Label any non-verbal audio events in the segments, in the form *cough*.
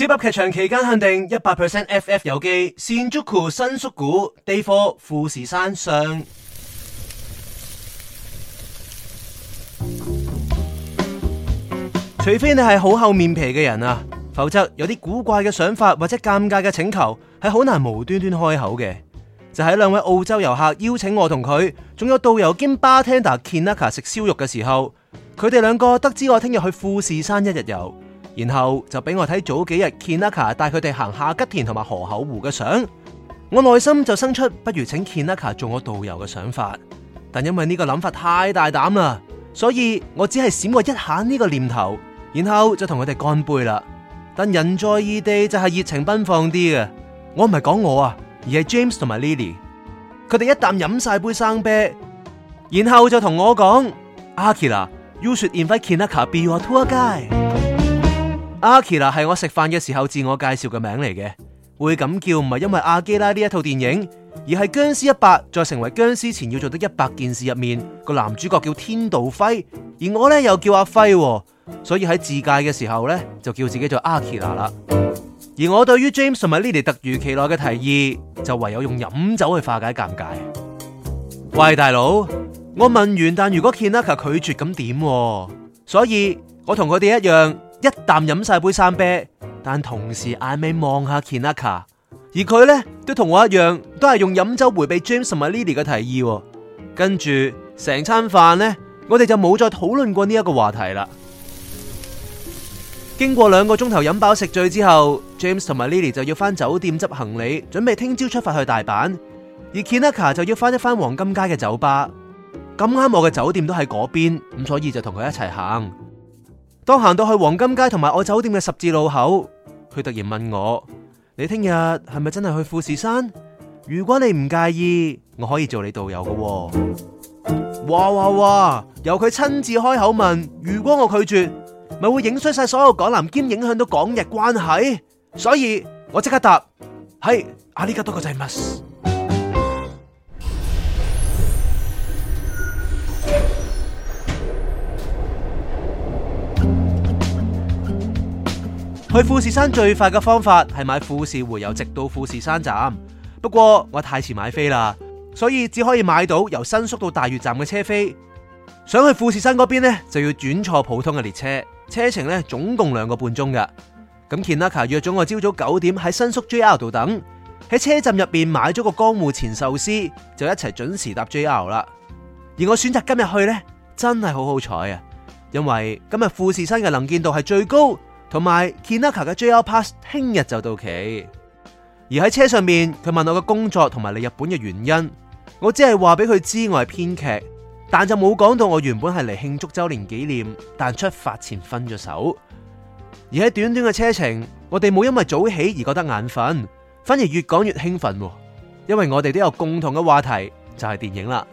Zip 噏劇場期間限定一百 percent FF 遊記 Shinjuku 新宿故，Day 4富士山上。除非你係好厚面皮嘅人啊，否則有啲古怪嘅想法或者尷尬嘅請求係好難無端端開口嘅。就喺、是、兩位澳洲遊客邀請我同佢，仲有導遊兼 bartender Kinaka 食燒肉嘅時候，佢哋兩個得知我聽日去富士山一日遊。然後就俾我睇早幾日 Kinaka 帶佢哋行下吉田同埋河口湖嘅相，我內心就生出不如請 Kinaka 做我導遊嘅想法，但因為呢個諗法太大膽啦，所以我只係閃過一下呢個念頭，然後就同佢哋乾杯啦。但人在異地就係熱情奔放啲嘅，我唔係講我啊，而係 James 同埋 Lily，佢哋一啖飲晒杯生啤，然後就同我講 Akira 啦，You should invite Kinaka be your tour guide。Akira 係我食飯嘅時候自我介紹嘅名嚟嘅，會咁叫唔係因為阿基拉呢一套電影，而係殭屍一百在成為殭屍前要做的一百件事入面個男主角叫天道輝，而我呢又叫阿輝，啊，所以喺自介嘅時候呢，就叫自己做 Akira 啦。而我對於 James 同埋 Lily 突如其來嘅提議，就唯有用飲酒去化解尷尬。喂，大佬，我問完，但如果 Kinaka 拒絕咁點？所以我同佢哋一樣。一啖飲晒杯生啤，但同時眼尾望下 Kinaka，而佢呢，都同我一樣，都係用飲酒回避 James 同埋 Lily 嘅提議。跟住成餐飯呢，我哋就冇再討論過呢一個話題啦。經過兩個鐘頭飲飽食醉之後，James 同埋 Lily 就要翻酒店執行李，準備聽朝出發去大阪。而 Kinaka 就要翻一翻黃金街嘅酒吧，咁啱我嘅酒店都喺嗰邊，咁所以就同佢一齊行。當行到去黃金街同埋我酒店嘅十字路口，佢突然問我：你聽日係咪真係去富士山？如果你唔介意，我可以做你導遊噶。哇哇哇！由佢親自開口問，如果我拒絕，咪會影衰晒所有港男，兼影響到港日關係。所以我即刻答：係啊，呢家多個就係去富士山最快嘅方法係買富士迴遊，直到富士山站。不過我太遲買飛啦，所以只可以買到由新宿到大月站嘅車飛。想去富士山嗰邊呢，就要轉坐普通嘅列車，車程呢，總共兩個半鐘噶。咁 Kinaka 約咗我朝早九點喺新宿 JR 度等，喺車站入邊買咗個江戶前壽司，就一齊準時搭 JR 啦。而我選擇今日去呢，真係好好彩啊，因為今日富士山嘅能見度係最高。同埋，Kinaka 嘅 JR Pass 聽日就到期。而喺車上面，佢問我嘅工作同埋嚟日本嘅原因，我只係話俾佢知我係編劇，但就冇講到我原本係嚟慶祝週年紀念，但出發前分咗手。而喺短短嘅車程，我哋冇因為早起而覺得眼瞓，反而越講越興奮，因為我哋都有共同嘅話題，就係、是、電影啦。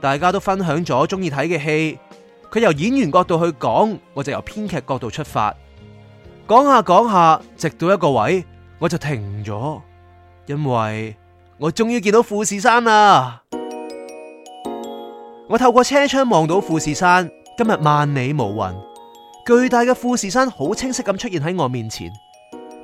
大家都分享咗中意睇嘅戲，佢由演員角度去講，我就由編劇角度出發。講下講下，直到一個位，我就停咗，因為我終於見到富士山啦！我透過車窗望到富士山，今日萬里無雲，巨大嘅富士山好清晰咁出現喺我面前。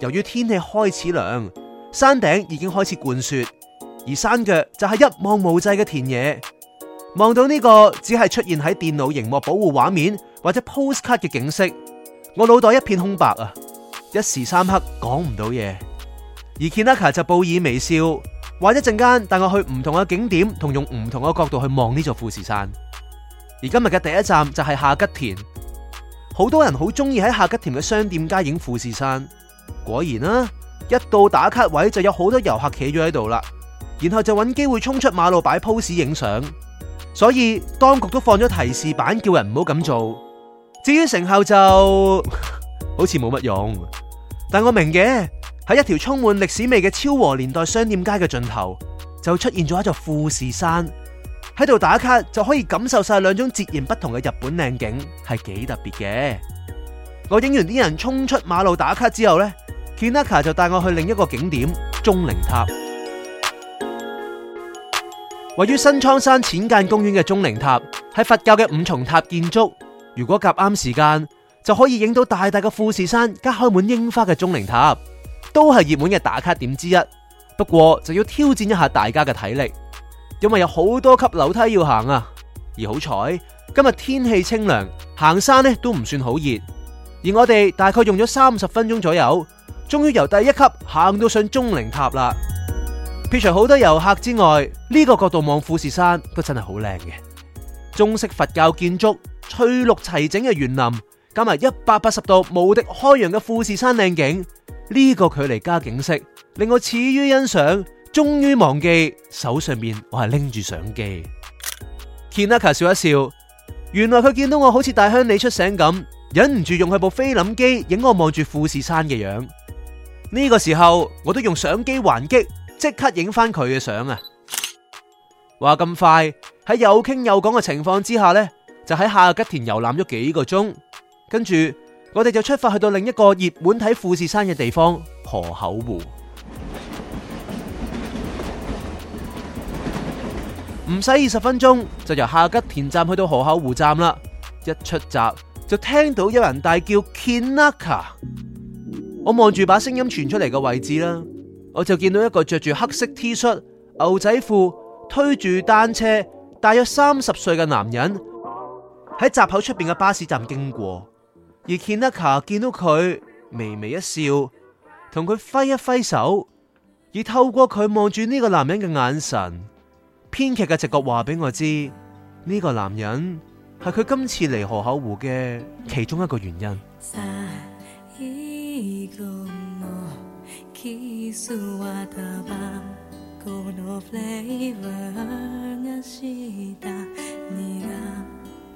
由於天氣開始涼，山頂已經開始冠雪，而山腳就係一望無際嘅田野。望到呢、這個只係出現喺電腦熒幕保護畫面或者 postcard 嘅景色。我腦袋一片空白啊，一時三刻講唔到嘢，而 Kinaka 就報以微笑，話一陣間帶我去唔同嘅景點，用同用唔同嘅角度去望呢座富士山。而今日嘅第一站就係下吉田，好多人好中意喺下吉田嘅商店街影富士山。果然啦、啊，一到打卡位就有好多遊客企咗喺度啦，然後就揾機會衝出馬路擺 pose 影相，所以當局都放咗提示板叫人唔好咁做。至於成效就 *laughs* 好似冇乜用，但我明嘅喺一條充滿歷史味嘅昭和年代商店街嘅盡頭，就出現咗一座富士山，喺度打卡就可以感受晒兩種截然不同嘅日本靚景，係幾特別嘅。我影完啲人衝出馬路打卡之後呢 Kinaka 就帶我去另一個景點忠靈塔，位於新倉山淺間公園嘅忠靈塔喺佛教嘅五重塔建築。如果夾啱時間，就可以影到大大嘅富士山，加開滿櫻花嘅忠靈塔，都係熱門嘅打卡點之一。不過就要挑戰一下大家嘅體力，因為有好多級樓梯要行啊。而好彩今日天氣清涼，行山呢都唔算好熱。而我哋大概用咗三十分鐘左右，終於由第一級行到上忠靈塔啦。撇除好多遊客之外，呢個角度望富士山都真係好靚嘅中式佛教建築。翠綠齊整嘅園林，加埋一百八十度無敵開揚嘅富士山靚景，呢、這個距離加景色令我始於欣賞，終於忘記手上面我係拎住相機。Kinaka 笑一笑，原來佢見到我好似大鄉里出城咁，忍唔住用佢部菲林機影我望住富士山嘅樣。呢、這個時候我都用相機還擊，即刻影返佢嘅相啊！話咁快喺又傾又講嘅情況之下呢，就喺下吉田遊覽咗幾個鐘，跟住我哋就出發去到另一個熱門睇富士山嘅地方，河口湖。唔使二十分鐘就由下吉田站去到河口湖站啦。一出閘就聽到有人大叫 “Kinaka”，我望住把聲音傳出嚟嘅位置啦，我就見到一個着住黑色 T 恤、牛仔褲，推住單車，大約三十歲嘅男人。喺閘口出面嘅巴士站經過，而 Kinaka 見到佢微微一笑，同佢揮一揮手，而透過佢望住呢個男人嘅眼神，編劇嘅直覺話俾我知，呢個男人係佢今次嚟河口湖嘅其中一個原因。 *music*